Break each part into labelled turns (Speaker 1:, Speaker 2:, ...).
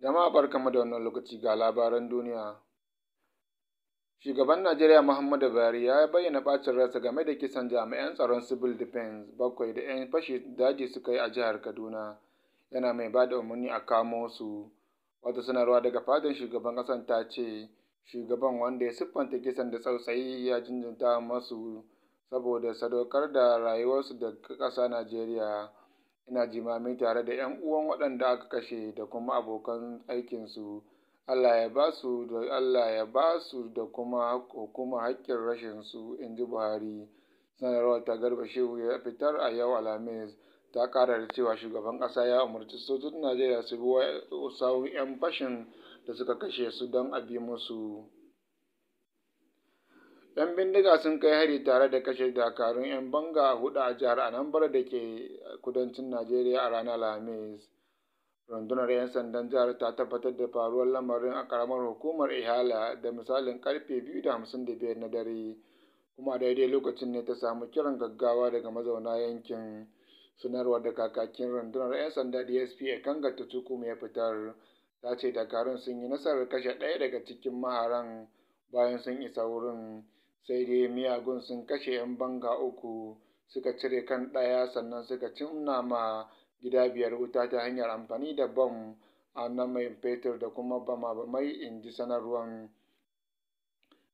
Speaker 1: Jama'a barka da wannan lokaci ga labaran duniya. Shugaban Najeriya Muhammadu Buhari ya bayyana ɓacin rasa game da kisan jami'an tsaron Civil Defense bakwai da 'yan fashi daji suka yi a jihar Kaduna, yana mai ba da umarni a kamo su. Wata sanarwa daga fadar shugaban Kasan ta ce, Shugaban wanda ya siffanta kisan da tsautsayi ya jinjinta masu saboda sadaukar da rayuwarsu da ƙasa Najeriya. Ina jimami tare da 'yan uwan waɗanda aka kashe da kuma abokan aikinsu, Allah ya ba su da kuma hukuma haƙƙin rashinsu, inji Buhari. Sanarwar ta Garba Shehu ya fitar a yau Alhamis, ta ƙara da cewa shugaban ƙasa ya umarci sojojin Najeriya su bi sawun 'yan fashin da suka kashe su don a bi musu. 'Yan bindiga sun kai hari tare da kashe dakarun 'yan banga hudu a jihar Anambra da ke kudancin Najeriya a ranar lamis Rundunar 'yan sandan jihar ta tabbatar da faruwar lamarin a ƙaramar hukumar Ihala da misalin ƙarfe 2:55 na dare, kuma daidai lokacin ne ta samu kiran gaggawa daga mazauna yankin. Sanarwar da kakakin rundunar 'yan sanda DSP a Kanga tuku ya fitar ta ce dakarun sun yi nasarar kashe ɗaya daga cikin maharan bayan sun isa wurin. Sai dai miyagun sun kashe 'yan banga uku, suka cire kan ɗaya sannan suka cinna ma gida biyar wuta ta hanyar amfani da bom a nan mai fetur da kuma bama-bamai, in ji sanarwar.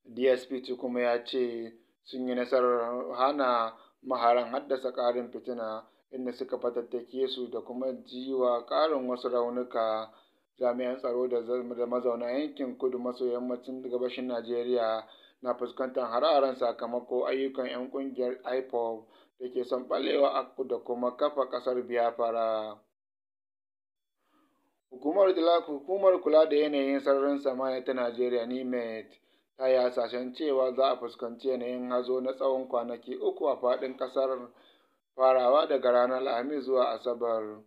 Speaker 1: DSP kuma ya ce sun yi nasarar hana maharan haddasa ƙarin fitina, inda suka fatattake su da kuma jiwa wa ƙarin wasu raunuka. Jami'an tsaro da mazauna yankin kudu maso yammacin gabashin Najeriya na fuskantar hare sakamako sakamakon ayyukan 'yan ƙungiyar IPOB da ke son ɓallewa da kuma kafa ƙasar Biafra. Hukumar Kula da Yanayin Sararin Samaniya ta Najeriya NIMET e ta yi hasashen cewa za a fuskanci yanayin hazo na tsawon kwanaki uku a faɗin ƙasar farawa daga ranar Alhamis zuwa Asabar.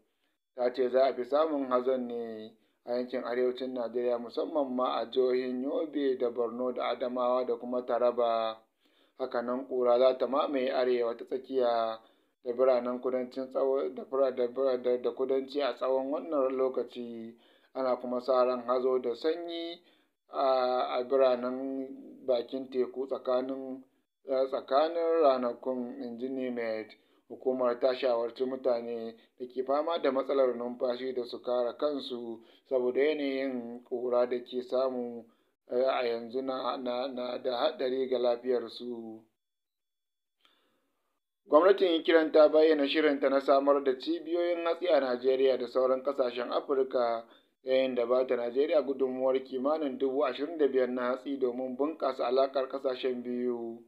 Speaker 1: Ta ce za a fi samun hazon ne a yankin arewacin Najeriya musamman ma a jihohin Yobe da Borno da Adamawa da kuma Taraba. Hakanan kura za ta mamaye arewa ta tsakiya da biranen kudancin da kudanci a tsawon wannan lokaci ana kuma sa ran hazo da sanyi a biranen bakin teku tsakanin tsakanin ranakun injini Hukumar ta shawarci mutane da ke fama da matsalar numfashi da su kare kansu saboda yanayin ƙura da ke samu eh, a yanzu na da haɗari ga lafiyarsu. Gwamnatin Ukraine ta bayyana shirinta na samar da cibiyoyin hatsi a Najeriya da sauran ƙasashen Afirka, yayin da ba ta Najeriya gudunmuwar kimanin dubu ashirin da biyar na hatsi domin bunƙasa alaƙar ƙasashen biyu.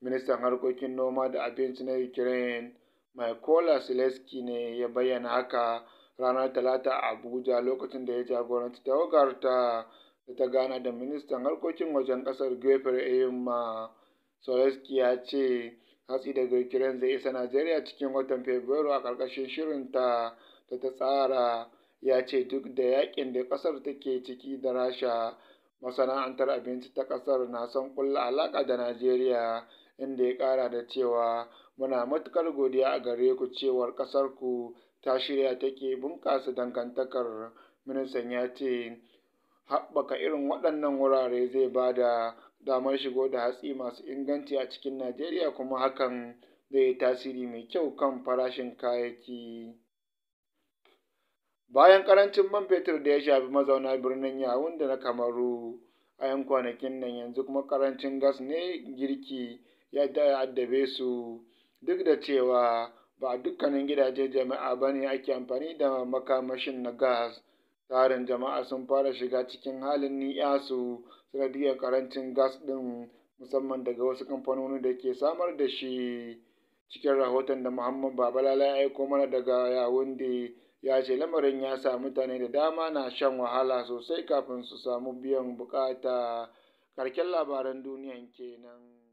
Speaker 1: Ministan Harkokin Noma da Abinci na Ukraine, Mykola Selensky ne ya bayyana haka ranar Talata a Abuja lokacin da ya jagoranci tawagar ta, da ta gana da ministan harkokin wajen ƙasar George Eymma Salesky ya ce hatsi daga Ukraine zai isa Najeriya cikin watan Fabrairu a ƙarƙashin shirinta da ta tsara, ya ce duk da yakin da ƙasar take ciki da Rasha, masana'antar abinci ta ƙasar na son ƙulla alaƙa da Najeriya, inda ya ƙara da cewa Muna matuƙar godiya a gare ku cewar ku ta shirya take bunƙasa dangantakar,” ministan ya ce, haɓaka irin waɗannan wurare zai ba da damar shigo da hatsi masu inganci a cikin Najeriya kuma hakan zai yi tasiri mai kyau kan farashin kayayyaki. Bayan karancin man fetur da ya shafi mazauna birnin da na Kamaru a 'yan kwanakin nan, yanzu kuma karancin gas ne girki ya addabe su. Duk da cewa ba a dukkanin gidajen jama'a ba ne ake amfani da makamashin na gas, tarin jama'a sun fara shiga cikin halin ni'yasu sanadiyyar karancin gas ɗin musamman daga wasu kamfanoni da ke samar da shi. Cikin rahoton da Muhammad Babalala ya aiko mana daga Yawunde ya ce lamarin ya sa mutane da dama na shan wahala sosai kafin su samu biyan buƙata. karken labaran duniyan kenan.